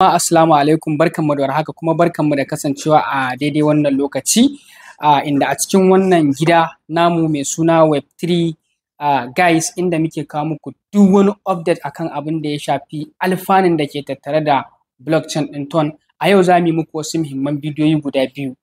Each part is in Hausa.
Assalamu alaikum barkanmu da warhaka kuma barkanmu da kasancewa a daidai wannan lokaci inda a cikin wannan gida namu mai suna web3 guys inda muke kawo muku duk wani update akan abin da ya shafi alfanun da ke tattare da blockchain din ton a yau za mu yi muku wasu muhimman bidiyoyi guda biyu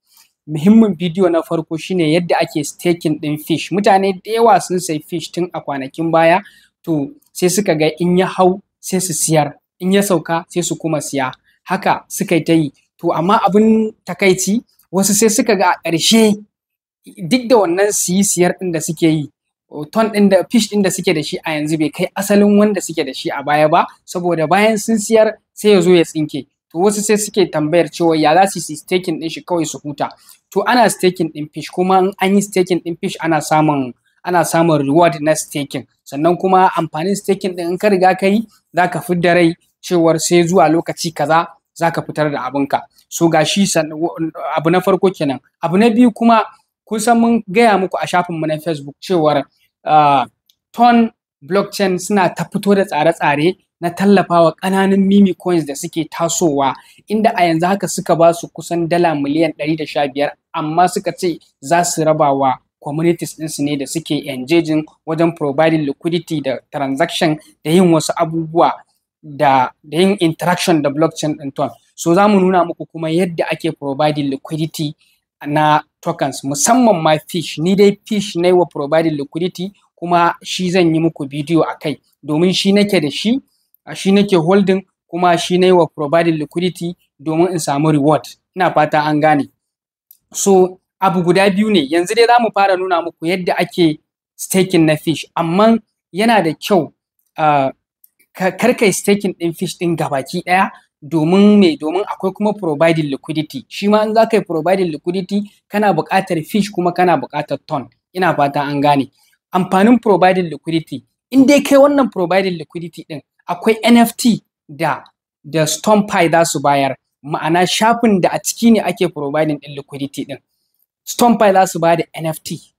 muhimmin bidiyo na farko shine yadda ake staking din fish mutane da yawa sun sayi fish tun a kwanakin baya to sai suka ga in ya hau sai su siyar in ya sauka sai su kuma siya haka suka yi ta yi to amma abin takaici wasu sai suka ga a ƙarshe duk da wannan siyi siyar ɗin da suke yi ton ɗin da fish ɗin da suke da shi a yanzu bai kai asalin wanda suke da shi a baya ba saboda bayan sun siyar sai ya zo ya tsinke to wasu sai suke tambayar cewa ya za su yi staking ɗin shi kawai su huta to ana staking ɗin fish kuma an yi staking ɗin fish ana samun ana samun reward na staking sannan kuma amfanin staking ɗin in ka riga ka yi za ka fi da rai cewar sai zuwa lokaci kaza za ka fitar da abinka so ga shi abu na farko kenan abu na biyu kuma kun san mun gaya muku a shafinmu na facebook cewar ah, ton blockchain suna ta fito da tsare-tsare na tallafawa ƙananan mimi coins da suke tasowa inda a yanzu haka suka ba su kusan dala miliyan 115 amma suka ce za su raba wa communities ɗinsu ne da suke engaging wajen providing liquidity da transaction da yin wasu abubuwa da da yin interaction da blockchain ɗin ton so za mu nuna muku kuma yadda ake providing liquidity na tokens musamman ma fish ni dai fish na wa providing liquidity kuma shi zan yi muku bidiyo a kai domin shi nake da shi shi nake holding kuma shi na wa providing liquidity domin in samu reward ina fata an gane so abu guda biyu ne yanzu dai za mu fara nuna muku yadda ake staking na fish amma yana da kyau uh, kar kai staking din fish din gabaki daya domin me domin akwai kuma providing liquidity shi ma in za ka yi providing liquidity kana buƙatar fish kuma kana buƙatar ton ina fata an gane amfanin providing liquidity in dai kai wannan providing liquidity din akwai NFT da da Stompy za su bayar ma'ana shafin da a ciki ne ake providing din liquidity din Stompy za su bayar da NFT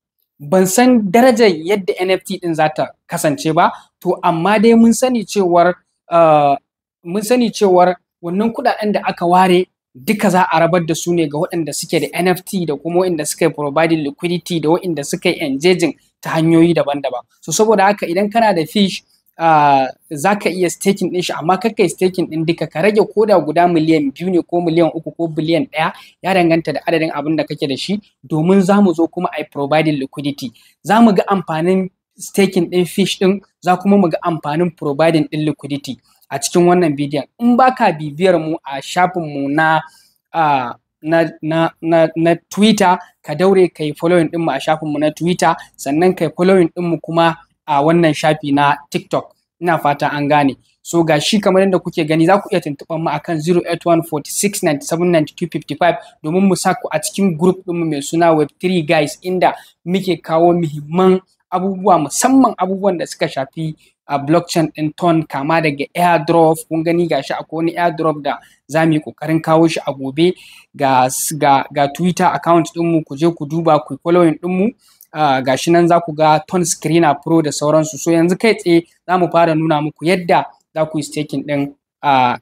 ban san darajar yadda NFT din za ta kasance ba to amma dai mun sani cewar eh, mun sani cewar wannan kudaden da aka ware duka za a rabar da su ne ga waɗanda suke da NFT da kuma waɗanda suka yi providing liquidity da waɗanda suka yi engaging ta hanyoyi daban-daban so saboda haka idan kana da fish za ka iya staking ɗin shi amma kakkai staking ɗin duka ka rage koda guda miliyan biyu ne ko miliyan uku ko biliyan ɗaya ya danganta da adadin abin da kake da shi domin za mu zo kuma ai providing liquidity za mu ga amfanin staking ɗin fish ɗin za kuma mu ga amfanin providing ɗin liquidity a cikin wannan bidiyon in baka bibiyar mu a shafin mu na na, na, na, na Twitter ka daure kai following mu a shafin mu na Twitter sannan kai following mu kuma a wannan shafi na TikTok. Ina fata an gane. So ga shi kamar yadda kuke gani za ku iya tuntuɓar mu akan 08146979255 domin mu saku a cikin group ɗinmu mai suna Web3 Guys inda muke kawo muhimman abubuwa musamman abubuwan da suka shafi a blockchain ɗin ton kama daga airdrop kun gani gashi akwai wani airdrop da za mu yi ƙoƙarin kawo shi a gobe ga, ga, twitter account ɗinmu ku je ku duba ku following ɗinmu Ah, gashi nan za ku ga ton screener pro da sauransu so yanzu kai tsaye za mu fara nuna muku yadda za ku yi staking ɗin ah,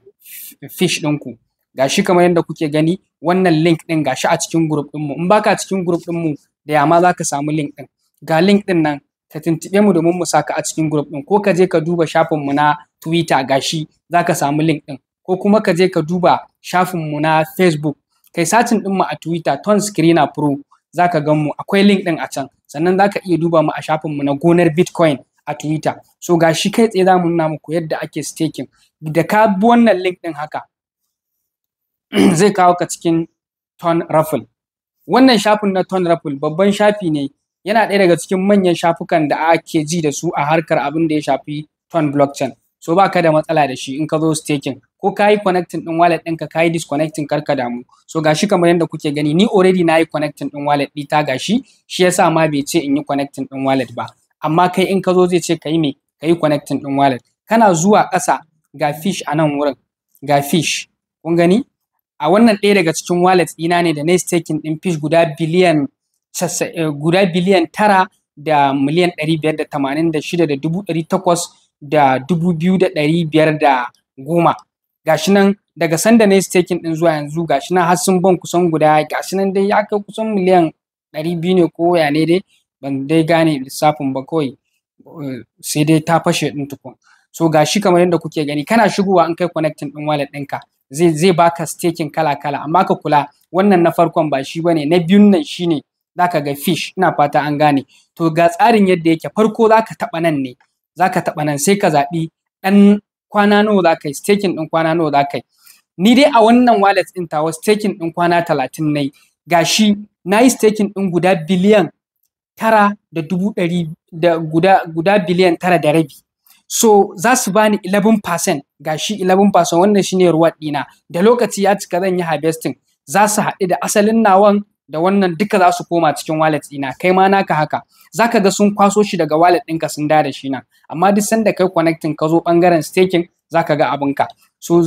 fish ɗinku gashi kamar yadda kuke gani wannan link ɗin gashi a cikin group ɗinmu in baka cikin group ɗinmu da yama za ka samu link ɗin ga link ɗin nan ka tuntuɓe mu domin mu saka a cikin group ɗin ko ka je ka duba shafinmu na Twitter gashi za ka samu link ɗin ko kuma ka je ka duba shafin mu na Facebook kai satin ɗinmu a Twitter ton screener pro za ka gan akwai link ɗin a can sannan za ka iya duba mu a shafin mu na gonar bitcoin a twitter so ga shi kai tsaye za mu nuna muku yadda ake staking da ka bi wannan link ɗin haka zai kawo ka cikin ton raffle wannan shafin na ton raffle babban shafi ne yana ɗaya daga cikin manyan shafukan da ake ji da su a harkar abin da ya shafi ton blockchain so ba ka da matsala da shi in ka zo staking ko ka yi connecting din wallet ɗinka ka yi disconnecting karka damu so gashi kamar yadda kuke gani ni already na yi connecting din wallet ta gashi shi yasa ma bai ce in yi connecting din wallet ba amma kai in ka zo zai ce ka yi me ka yi connecting din wallet kana zuwa ƙasa ga fish a nan wurin ga fish kun gani a wannan ɗaya daga cikin wallet ɗina ne da na staking ɗin fish guda biliyan eh, guda biliyan tara da miliyan ɗari biyar da tamanin da shida da dubu ɗari takwas da dubu biyu da ɗari biyar da goma gashi nan daga sanda na staking din zuwa yanzu gashi nan har sun ban kusan guda gashi nan dai ya kai kusan miliyan ɗari biyu ne ko ya ne dai ban dai gane lissafin ba kawai eh, sai dai ta fashe din tukun so gashi kamar yadda kuke gani kana shigowa an kai connecting din wallet ɗinka zai zai baka staking kala kala amma ka kula wannan na farkon ba shi bane na biyun nan shine zaka ga fish ina fata an gane to ga tsarin yadda yake farko zaka taɓa nan ne zaka taba nan sai ka zaɓi ɗan kwana nawa za ka yi staking ɗin kwana nawa za ka yi ni dai a wannan wallet ɗin tawa staking ɗin kwana talatin na yi gashi na yi staking ɗin guda biliyan tara da dubu ɗari da guda guda biliyan tara da rabi so za su bani 11% gashi 11% wannan shine reward ɗina da lokaci ya cika zan yi harvesting za su haɗu da asalin nawan da wannan duka za su koma cikin wallet ɗina kai ma naka haka zaka ga sun kwaso shi daga wallet ɗinka sun da da shi na. amma duk sanda kai connecting ka zo ɓangaren staking ka ga abinka so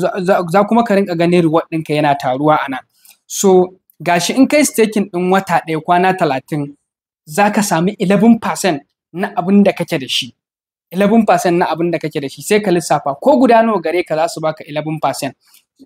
za kuma ka rinka ganin reward ɗinka yana taruwa a nan so gashi in kai staking ɗin wata ɗaya kwana talatin ka sami 11% na abin da kake da shi 11% na abin da kake da shi sai ka lissafa ko guda nawa gare ka za su baka 11%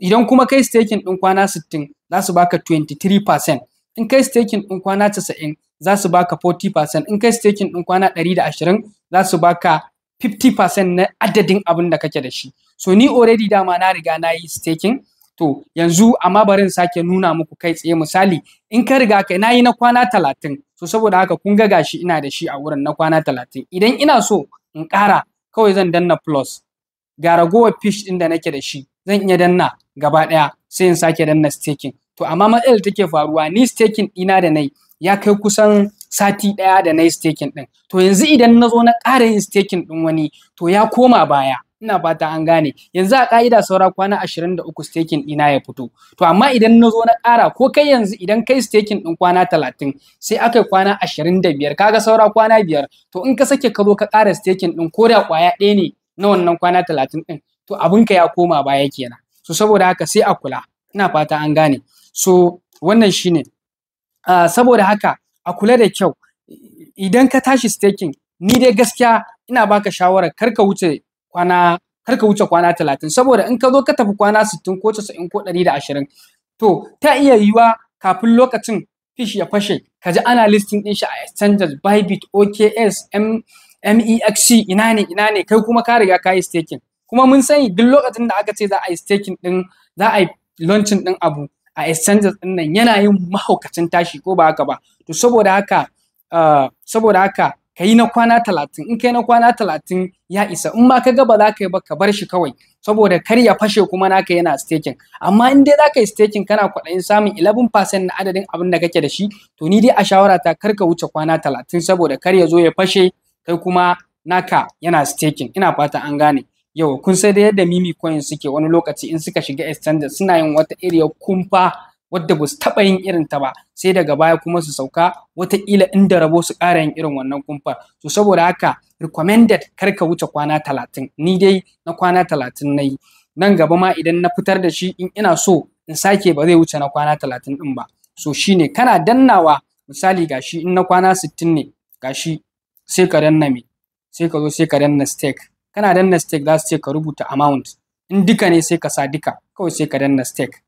idan kuma kai staking ɗin kwana 60 za su baka 23% in kai staking ɗin kwana 90 za su baka 40% in kai staking ɗin kwana 120 za su baka 50% na adadin abin da kake da shi so ni already dama na riga na yi staking to yanzu amma barin sake nuna muku kai tsaye misali in ka riga kai na yi na kwana 30 so saboda haka kun ga gashi ina da shi a wurin na kwana 30 idan ina so in ƙara kawai zan danna plus ga ragowar fish ɗin da nake da shi zan iya danna gaba ɗaya sai in sake danna staking to amma matsalar take faruwa ni staking ɗina da nai ya kai kusan sati ɗaya da nai staking ɗin to yanzu idan na zo na ƙara yin staking ɗin wani to ya koma baya ina fata an gane yanzu a ka'ida saura kwana 23 staking ɗina ya fito to amma idan na zo na ƙara ko kai yanzu idan kai staking ɗin kwana 30 sai aka kwana 25 kaga saura kwana biyar to in ka sake ka zo ka ƙara staking ɗin ko da ƙwaya ɗaya ne na wannan kwana 30 ɗin to abinka ya koma baya kenan so saboda haka sai a kula ina fata an gane so wannan shi ne. saboda haka a kula da kyau idan ka tashi staking ni dai gaskiya ina baka shawara kar wuce kwana talatin saboda in ka zo ka tafi kwana sittin ko casa'in ko ɗari da ashirin to ta iya yiwuwa kafin lokacin fish ya fashe ka ji ana listing ɗin shi a exchanges bybit oks mexc ina ne ina ne kai kuma ka riga ka yi staking kuma mun sani duk lokacin da aka ce za a yi staking ɗin za a yi launching ɗin abu a essence ɗin nan yana yin mahaukacin tashi ko ba haka ba to saboda haka ah, saboda haka ka yi na kwana talatin in kai na kwana talatin ya isa in ma ka ga ba za ka yi ba ka bar shi kawai saboda kar ya fashe kuma naka yana staking amma in dai za ka yi staking kana kwaɗayin samun 11% na adadin abin da kake da shi to ni dai a shawara ta kar ka wuce kwana talatin saboda kar ya zo ya fashe kai kuma naka yana staking ina fata an gane yau kun sai da yadda mimi coin suke wani lokaci in suka shiga exchanger suna yin wata iriya kumfa wadda ba su taɓa yin irin ta ba sai daga baya kuma su sauka wataƙila inda rabo su ƙara yin irin wannan kumfar to saboda haka recommended kar ka wuce kwana talatin ni dai na kwana talatin na yi nan gaba ma idan na fitar da shi in ina so in sake ba zai wuce na kwana talatin ɗin ba so shine kana dannawa misali gashi in na kwana sittin ne gashi sai ka danna me sai ka zo sai ka danna stake kana danna stake za su ce ka rubuta amount in duka ne sai ka sa duka kawai sai ka danna stake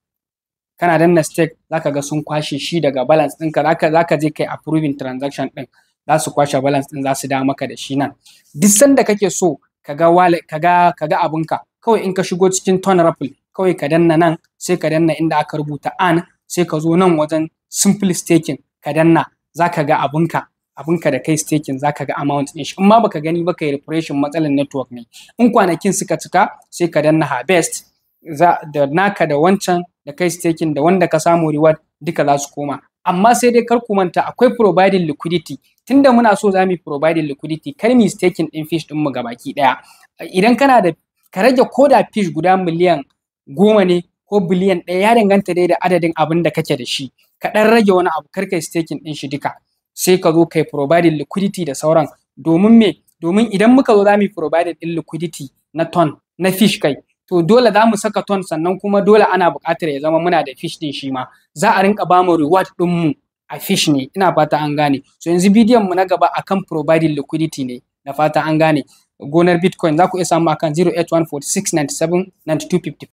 kana danna stake za ka ga sun kwashe shi daga balance ɗinka za ka je kai approving transaction ɗin za su kwashe balance ɗin za su da maka da shi nan duk sanda kake so ka ga wallet ka ga abinka kawai in ka shigo cikin ton Ripple kawai ka danna nan sai ka danna inda aka rubuta an sai ka zo nan wajen simple staking ka danna za ka ga abinka abinka da kai staking ka ga amount din shi in ma baka gani ba yi refreshin matsalan network ne in kwanakin suka cika sai ka danna harvest za da naka da wancan da kai staking da wanda ka samu reward duka za su koma amma sai dai karku manta akwai providing liquidity tunda muna so za mu providing liquidity kar mi staking din fish din mu gabaki daya idan kana da ka rage koda fish guda miliyan goma ne ko biliyan ɗaya ya danganta dai da adadin abin da kake da shi ka ɗan rage wani abu kar kai staking ɗin shi duka sai ka zo kai providing liquidity da sauran domin me domin idan muka zo zamu mu providing din liquidity na ton na fish kai to dole zamu saka ton sannan kuma dole ana buƙatar ya zama muna da fish din shi ma za a rinka ba mu reward din mu a fish ne ina fata an gane so yanzu bidiyon mu na gaba akan providing liquidity ne na fata an gane gonar bitcoin za ku iya samu akan 08146979250